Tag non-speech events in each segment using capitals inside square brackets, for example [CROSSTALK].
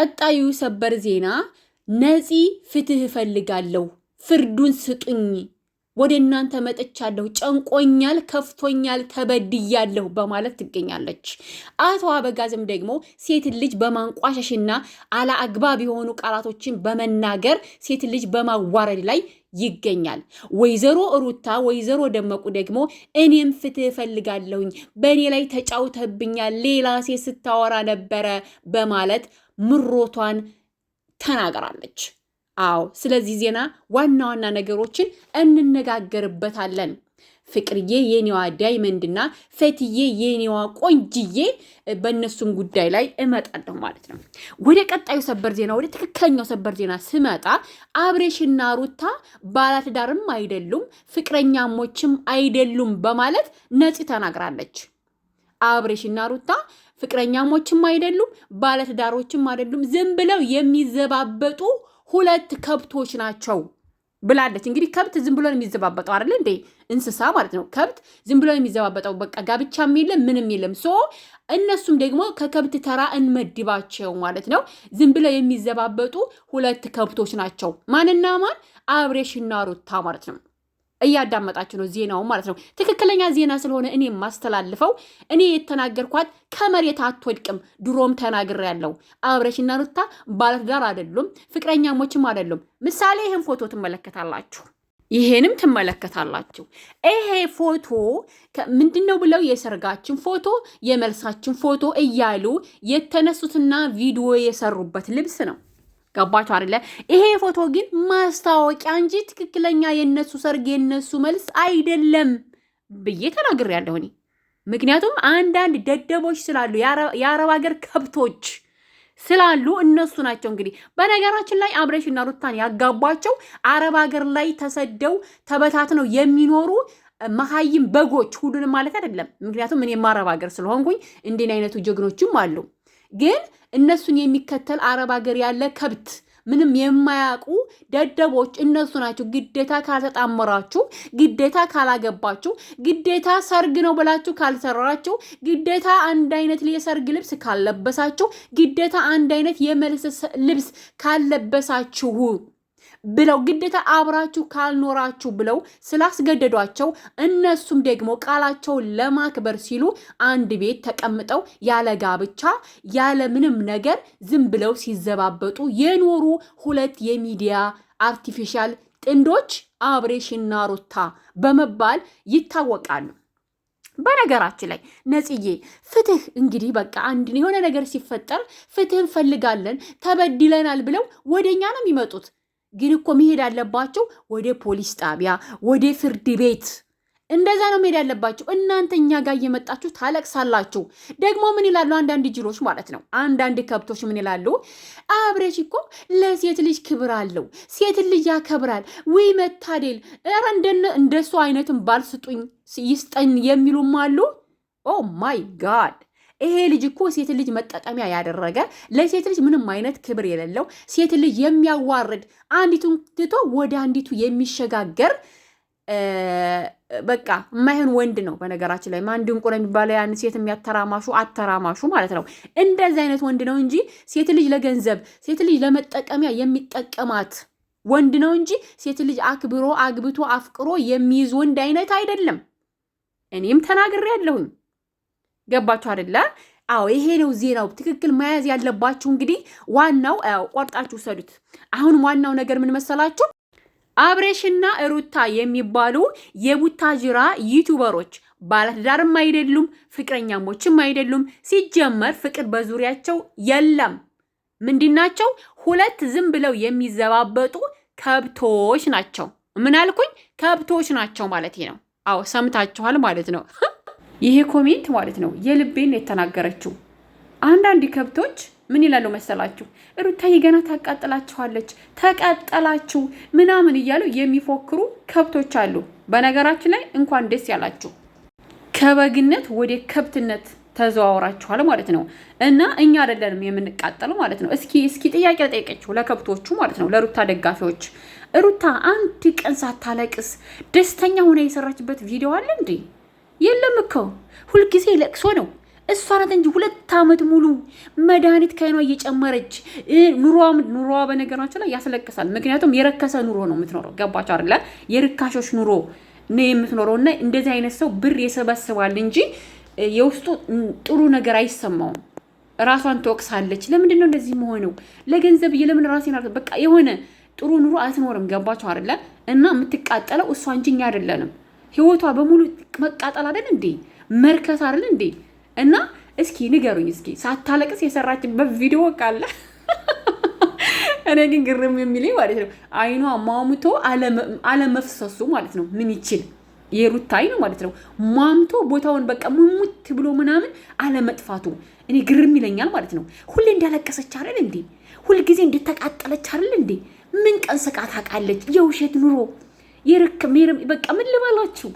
ቀጣዩ ሰበር ዜና ነፂ ፍትህ እፈልጋለሁ፣ ፍርዱን ስጡኝ፣ ወደ እናንተ መጥቻለሁ፣ ጨንቆኛል፣ ከፍቶኛል፣ ተበድያለሁ በማለት ትገኛለች። አቶ አበጋዝም ደግሞ ሴት ልጅ በማንቋሸሽና አለአግባብ የሆኑ ቃላቶችን በመናገር ሴት ልጅ በማዋረድ ላይ ይገኛል። ወይዘሮ ሩታ ወይዘሮ ደመቁ ደግሞ እኔም ፍትህ እፈልጋለሁኝ፣ በእኔ ላይ ተጫውተብኛል፣ ሌላ ሴት ስታወራ ነበረ በማለት ምሮቷን ተናግራለች። አዎ፣ ስለዚህ ዜና ዋና ዋና ነገሮችን እንነጋገርበታለን። ፍቅርዬ የኔዋ ዳይመንድና ፈትዬ የኔዋ ቆንጅዬ በእነሱም ጉዳይ ላይ እመጣለሁ ማለት ነው። ወደ ቀጣዩ ሰበር ዜና ወደ ትክክለኛው ሰበር ዜና ስመጣ አብሬሽና ሩታ ባለትዳርም አይደሉም ፍቅረኛሞችም አይደሉም በማለት ነፂ ተናግራለች። አብሬሽና ሩታ ፍቅረኛሞችም አይደሉም፣ ባለትዳሮችም አይደሉም። ዝም ብለው የሚዘባበጡ ሁለት ከብቶች ናቸው ብላለች። እንግዲህ ከብት ዝም ብሎ የሚዘባበጠው አይደለ እንዴ? እንስሳ ማለት ነው። ከብት ዝም ብሎ የሚዘባበጠው በቃ ጋብቻም የለም ምንም የለም። ሶ እነሱም ደግሞ ከከብት ተራ እንመድባቸው ማለት ነው። ዝም ብለው የሚዘባበጡ ሁለት ከብቶች ናቸው። ማንና ማን? አብሬሽና ሩታ ማለት ነው። እያዳመጣችሁ ነው ዜናው ማለት ነው። ትክክለኛ ዜና ስለሆነ እኔ የማስተላልፈው እኔ የተናገርኳት ከመሬት አትወድቅም። ድሮም ተናግሬ ያለው አብረሽና ሩታ ባለትዳር አይደሉም፣ ፍቅረኛሞችም አይደሉም። ምሳሌ ይህን ፎቶ ትመለከታላችሁ ይሄንም ትመለከታላችሁ። ይሄ ፎቶ ምንድን ነው ብለው የሰርጋችን ፎቶ የመልሳችን ፎቶ እያሉ የተነሱትና ቪዲዮ የሰሩበት ልብስ ነው። ገባችሁ አይደለ? ይሄ ፎቶ ግን ማስታወቂያ እንጂ ትክክለኛ የነሱ ሰርግ የነሱ መልስ አይደለም ብዬ ተናግሬያለሁ እኔ። ምክንያቱም አንዳንድ ደደቦች ስላሉ የአረብ ሀገር ከብቶች ስላሉ እነሱ ናቸው እንግዲህ። በነገራችን ላይ አብሬሽና ሩታን ያጋቧቸው አረብ ሀገር ላይ ተሰደው ተበታትነው የሚኖሩ መሀይም በጎች፣ ሁሉንም ማለት አይደለም። ምክንያቱም እኔም አረብ ሀገር ስለሆንኩኝ እንዲህን አይነቱ ጀግኖችም አሉ። ግን እነሱን የሚከተል አረብ ሀገር ያለ ከብት ምንም የማያውቁ ደደቦች እነሱ ናቸው። ግዴታ ካልተጣመራችሁ፣ ግዴታ ካላገባችሁ፣ ግዴታ ሰርግ ነው ብላችሁ ካልሰራችሁ፣ ግዴታ አንድ አይነት የሰርግ ልብስ ካልለበሳችሁ፣ ግዴታ አንድ አይነት የመልስ ልብስ ካልለበሳችሁ ብለው ግዴታ አብራችሁ ካልኖራችሁ ብለው ስላስገደዷቸው እነሱም ደግሞ ቃላቸውን ለማክበር ሲሉ አንድ ቤት ተቀምጠው ያለ ጋብቻ ያለ ምንም ነገር ዝም ብለው ሲዘባበጡ የኖሩ ሁለት የሚዲያ አርቲፊሻል ጥንዶች አብሬሽና ሩታ በመባል ይታወቃሉ። በነገራችን ላይ ነጽዬ ፍትህ እንግዲህ በቃ አንድ የሆነ ነገር ሲፈጠር ፍትህ እንፈልጋለን ተበድለናል ብለው ወደኛ ነው የሚመጡት። ግን እኮ መሄድ አለባቸው ወደ ፖሊስ ጣቢያ፣ ወደ ፍርድ ቤት እንደዛ ነው መሄድ ያለባቸው። እናንተ እኛ ጋር እየመጣችሁ ታለቅሳላችሁ። ደግሞ ምን ይላሉ አንዳንድ ጅሎች ማለት ነው፣ አንዳንድ ከብቶች ምን ይላሉ? አብረሽ እኮ ለሴት ልጅ ክብር አለው፣ ሴት ልጅ ያከብራል። ውይ መታደል! ኧረ እንደሱ አይነትን ባል ስጡኝ ይስጠን የሚሉም አሉ። ኦ ማይ ጋድ ይሄ ልጅ እኮ ሴት ልጅ መጠቀሚያ ያደረገ ለሴት ልጅ ምንም አይነት ክብር የሌለው ሴት ልጅ የሚያዋርድ አንዲቱን ትቶ ወደ አንዲቱ የሚሸጋገር በቃ የማይሆን ወንድ ነው። በነገራችን ላይ ማን ድንቁር የሚባለው ያን ሴት የሚያተራማሹ አተራማሹ ማለት ነው። እንደዚህ አይነት ወንድ ነው እንጂ ሴት ልጅ ለገንዘብ ሴት ልጅ ለመጠቀሚያ የሚጠቀማት ወንድ ነው እንጂ ሴት ልጅ አክብሮ አግብቶ አፍቅሮ የሚይዝ ወንድ አይነት አይደለም። እኔም ተናግሬ ያለሁኝ ገባችሁ አይደለ? አዎ ይሄ ነው ዜናው ትክክል መያዝ ያለባችሁ። እንግዲህ ዋናው ቆርጣችሁ ውሰዱት። አሁን ዋናው ነገር ምን መሰላችሁ? አብሬሽና ሩታ የሚባሉ የቡታጅራ ዩቱበሮች ባለትዳርም አይደሉም፣ ፍቅረኛሞችም አይደሉም። ሲጀመር ፍቅር በዙሪያቸው የለም። ምንድናቸው? ሁለት ዝም ብለው የሚዘባበጡ ከብቶች ናቸው። ምን አልኩኝ? ከብቶች ናቸው ማለት ነው። አዎ ሰምታችኋል ማለት ነው። ይሄ ኮሜንት ማለት ነው የልቤን የተናገረችው። አንዳንድ ከብቶች ምን ይላሉ መሰላችሁ? ሩታዬ ገና ታቃጥላችኋለች፣ ተቃጠላችሁ ምናምን እያሉ የሚፎክሩ ከብቶች አሉ። በነገራችን ላይ እንኳን ደስ ያላችሁ ከበግነት ወደ ከብትነት ተዘዋውራችኋል ማለት ነው። እና እኛ አይደለንም የምንቃጠለው ማለት ነው። እስኪ እስኪ ጥያቄ ለጠየቀችው ለከብቶቹ ማለት ነው፣ ለሩታ ደጋፊዎች። ሩታ አንድ ቀን ሳታለቅስ ደስተኛ ሆነ የሰራችበት ቪዲዮ አለ እንዴ? የለም እኮ ሁልጊዜ ለቅሶ ነው። እሷ ናት እንጂ ሁለት ዓመት ሙሉ መድኃኒት ከይኗ እየጨመረች ኑሮዋም ኑሮዋ በነገራችን ላይ ያስለቅሳል። ምክንያቱም የረከሰ ኑሮ ነው የምትኖረው። ገባቸው አለ የርካሾች ኑሮ ነው የምትኖረው። እና እንደዚህ አይነት ሰው ብር የሰበስባል እንጂ የውስጡ ጥሩ ነገር አይሰማውም። ራሷን ትወቅሳለች። ለምንድን ነው እንደዚህ መሆነው? ለገንዘብ የለምን ራሴ በቃ የሆነ ጥሩ ኑሮ አትኖርም። ገባቸው አለ እና የምትቃጠለው እሷ እንጂ እኛ አይደለንም። ህይወቷ በሙሉ መቃጠል አይደል እንዴ? መርከስ አይደል እንዴ? እና እስኪ ንገሩኝ እስኪ ሳታለቅስ የሰራችበት ቪዲዮ ካለ [LAUGHS] እኔ ግን ግርም የሚለኝ ማለት ነው አይኗ ማሙቶ አለመፍሰሱ ማለት ነው። ምን ይችል የሩታ አይን ማለት ነው ማምቶ ቦታውን በቃ ሙሙት ብሎ ምናምን አለመጥፋቱ እኔ ግርም ይለኛል ማለት ነው። ሁሌ እንዳለቀሰች አይደል እንዴ? ሁልጊዜ እንደተቃጠለች አይደል እንዴ? ምን ቀን ስቃት አውቃለች የውሸት ኑሮ የረከም በቃ ምን ልበላችሁ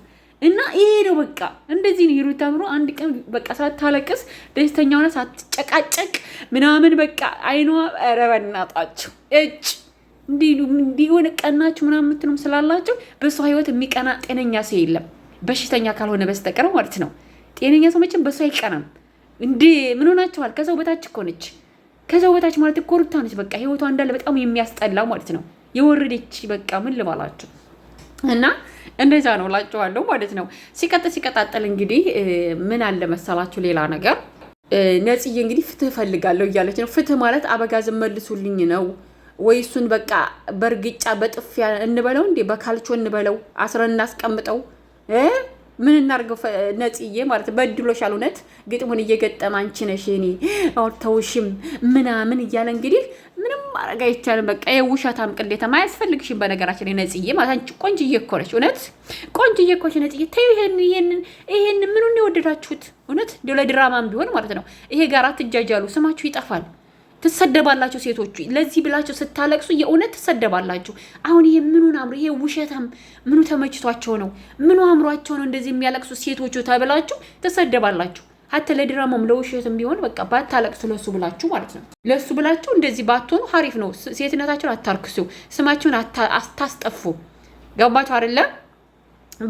እና ይሄ ነው በቃ እንደዚህ ነው የሩታ ኑሮ። አንድ ቀን በቃ ሳታለቅስ ደስተኛ ሆነ ሳትጨቃጨቅ ምናምን በቃ አይኗ ኧረ በናጣችሁ እጭ እንዲሆነ ቀናችሁ ምናምን የምትሉም ስላላችሁ በእሷ ህይወት የሚቀና ጤነኛ ሰው የለም፣ በሽተኛ ካልሆነ በስተቀር ማለት ነው። ጤነኛ ሰው መቼም በእሷ አይቀናም። እንዴ ምን ሆናችኋል? ከሰው በታች እኮ ነች። ከሰው በታች ማለት እኮ ሩታ ነች። በቃ ህይወቷ እንዳለ በጣም የሚያስጠላው ማለት ነው። የወረደች በቃ ምን ልባላችሁ እና እንደዛ ነው ላቸዋለሁ ማለት ነው። ሲቀጥል ሲቀጣጠል እንግዲህ ምን አለ መሰላችሁ ሌላ ነገር ነጽዬ እንግዲህ ፍትህ እፈልጋለሁ እያለች ነው። ፍትህ ማለት አበጋዝን መልሱልኝ ነው ወይ? እሱን በቃ በእርግጫ በጥፊያ እንበለው እንዴ? በካልቾ እንበለው? አስረን እናስቀምጠው ምን እናርገው ነጽዬ ማለት በድሎሻል። እውነት ግጥሙን እየገጠመ አንቺ ነሽ እኔ አውርተውሽም ምናምን እያለ እንግዲህ ምንም ማድረግ አይቻልም። በቃ የውሸታም ቅሌታ አያስፈልግሽም። በነገራችን ነጽዬ ማለት አንቺ ቆንጅዬ እኮ ነች። እውነት ቆንጅዬ እኮ ነች ነጽዬ። ተይው ይሄንን ይሄንን ምኑን የወደዳችሁት እውነት ለድራማም ቢሆን ማለት ነው። ይሄ ጋር አትጃጃሉ፣ ስማችሁ ይጠፋል። ትሰደባላችሁ ሴቶቹ ለዚህ ብላችሁ ስታለቅሱ የእውነት ትሰደባላችሁ። አሁን ይሄ ምኑን አምሮ ይሄ ውሸታም ምኑ ተመችቷቸው ነው ምኑ አምሯቸው ነው እንደዚህ የሚያለቅሱ ሴቶቹ ተብላችሁ ትሰደባላችሁ። ሀተ ለድራማም ለውሸትም ቢሆን በቃ ባታለቅሱ ለሱ ብላችሁ ማለት ነው። ለሱ ብላችሁ እንደዚህ ባትሆኑ ሀሪፍ ነው። ሴትነታችሁን አታርክሱ፣ ስማችሁን አታስጠፉ። ገባችሁ አይደለም?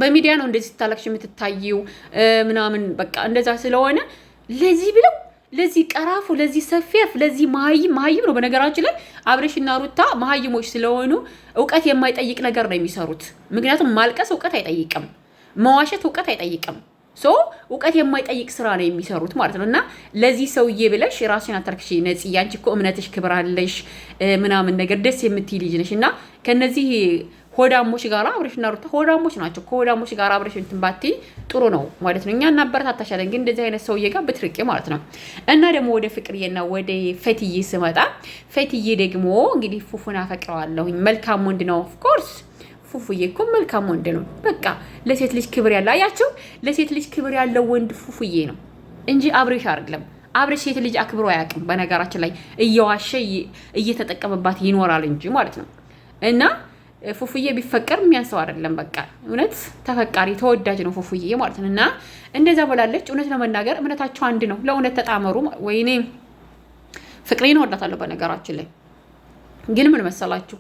በሚዲያ ነው እንደዚህ ስታለቅሽ የምትታየው ምናምን በቃ እንደዛ ስለሆነ ለዚህ ብለው ለዚህ ቀራፉ፣ ለዚህ ሰፌፍ፣ ለዚህ መሀይም መሀይም ነው። በነገራችን ላይ አብሬሽና ሩታ መሀይሞች ስለሆኑ እውቀት የማይጠይቅ ነገር ነው የሚሰሩት። ምክንያቱም ማልቀስ እውቀት አይጠይቅም፣ መዋሸት እውቀት አይጠይቅም። ሶ እውቀት የማይጠይቅ ስራ ነው የሚሰሩት ማለት ነው። እና ለዚህ ሰውዬ ብለሽ ራስሽን አታርክሽ ነፂ። ያንቺ እኮ እምነትሽ ክብር አለሽ ምናምን ነገር ደስ የምትይ ልጅ ነሽ እና ከነዚህ ሆዳሞች ጋር አብሬሽና ሩታ ሆዳሞች ናቸው። ከሆዳሞች ጋር አብሬሽ እንትን ባትይ ጥሩ ነው ማለት ነው። እኛ እናበረታታሻለን፣ ግን እንደዚህ አይነት ሰውዬ ጋር ብትርቂ ማለት ነው። እና ደግሞ ወደ ፍቅርዬና ወደ ፈትዬ ስመጣ ፈትዬ ደግሞ እንግዲህ ፉፉን አፈቅረዋለሁ። መልካም ወንድ ነው ኦፍኮርስ ፉፉዬ እኮ መልካም ወንድ ነው። በቃ ለሴት ልጅ ክብር ያለው አያቸው፣ ለሴት ልጅ ክብር ያለው ወንድ ፉፉዬ ነው እንጂ አብሬሽ አይደለም። አብሬሽ ሴት ልጅ አክብሮ አያውቅም። በነገራችን ላይ እየዋሸ እየተጠቀመባት ይኖራል እንጂ ማለት ነው እና ፉፉዬ ቢፈቀር የሚያንሰው አይደለም። በቃ እውነት ተፈቃሪ ተወዳጅ ነው ፉፉዬ ማለት ነው። እና እንደዛ ብላለች። እውነት ለመናገር እምነታቸው አንድ ነው። ለእውነት ተጣመሩ። ወይኔ ፍቅሬን እወዳታለሁ። በነገራችን ላይ ግን ምን መሰላችሁ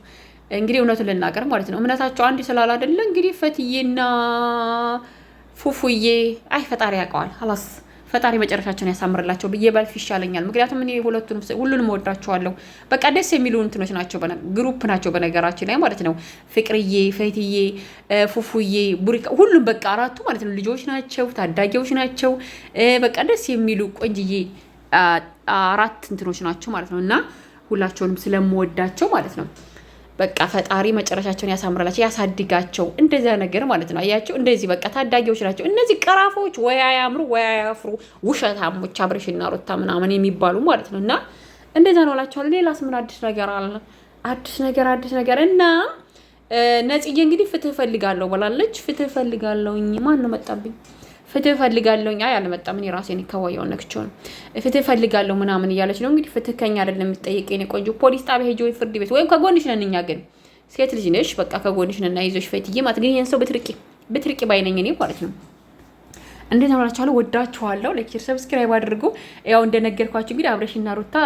እንግዲህ እውነቱን ልናገር ማለት ነው እምነታቸው አንድ ስላል አይደለ እንግዲህ ፈትዬና ፉፉዬ አይ ፈጣሪ ያውቀዋል። አላስ ፈጣሪ መጨረሻቸውን ያሳምርላቸው ብዬ ባልፍ ይሻለኛል። ምክንያቱም እኔ ሁለቱንም ሁሉንም ወዳቸዋለሁ። በቃ ደስ የሚሉ እንትኖች ናቸው፣ ግሩፕ ናቸው በነገራችን ላይ ማለት ነው። ፍቅርዬ፣ ፈትዬ፣ ፉፉዬ፣ ቡሪቃ ሁሉም በቃ አራቱ ማለት ነው ልጆች ናቸው፣ ታዳጊዎች ናቸው። በቃ ደስ የሚሉ ቆንጅዬ አራት እንትኖች ናቸው ማለት ነው እና ሁላቸውንም ስለምወዳቸው ማለት ነው በቃ ፈጣሪ መጨረሻቸውን ያሳምራላቸው ያሳድጋቸው። እንደዚያ ነገር ማለት ነው። አያቸው እንደዚህ በቃ ታዳጊዎች ናቸው እነዚህ ቀራፎች፣ ወይ አያምሩ ወይ አያፍሩ ውሸታሞች፣ አብርሽና ሩታ ምናምን የሚባሉ ማለት ነው። እና እንደዚያ ነው እላቸዋለሁ። ሌላስ ምን አዲስ ነገር አለ? አዲስ ነገር አዲስ ነገር እና ነጽዬ እንግዲህ ፍትህ ፈልጋለሁ ብላለች። ፍትህ ፈልጋለሁኝ ማን ነው መጣብኝ ፍትህ ፈልጋለሁ ኛ አልመጣም፣ እኔ ራሴን ከዋያው ነክቼው ነው ፍትህ ፈልጋለሁ ምናምን እያለች ነው እንግዲህ። ፍትህ ከኛ አይደለም የሚጠየቅ የኔ ቆንጆ፣ ፖሊስ ጣቢያ ሄጂ ወይ ፍርድ ቤት ወይም ከጎንሽ ነን እኛ። ግን ሴት ልጅ ነሽ፣ በቃ ከጎንሽ ነን። ይዞሽ ፈትዬ ማለት ግን ይህን ሰው ብትርቂ ብትርቂ ባይነኝ እኔ ማለት ነው። እንዴት አምራችኋለሁ፣ ወዳችኋለሁ። ላይክ ሰብስክራይብ አድርጉ። ያው እንደነገርኳችሁ እንግዲህ አብረሽና ሩታ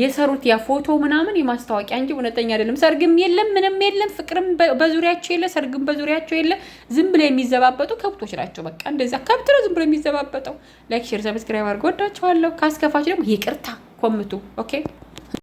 የሰሩት ያ ፎቶ ምናምን የማስታወቂያ እንጂ እውነተኛ አይደለም። ሰርግም የለም ምንም የለም። ፍቅርም በዙሪያቸው የለ፣ ሰርግም በዙሪያቸው የለ። ዝም ብለው የሚዘባበጡ ከብቶች ናቸው። በቃ እንደዛ ከብት ነው ዝም ብሎ የሚዘባበጠው። ሌክቸር ሰብስክራይብ አድርጉ። ወዳችኋለሁ። ካስከፋች ደግሞ ይቅርታ ኮምቱ። ኦኬ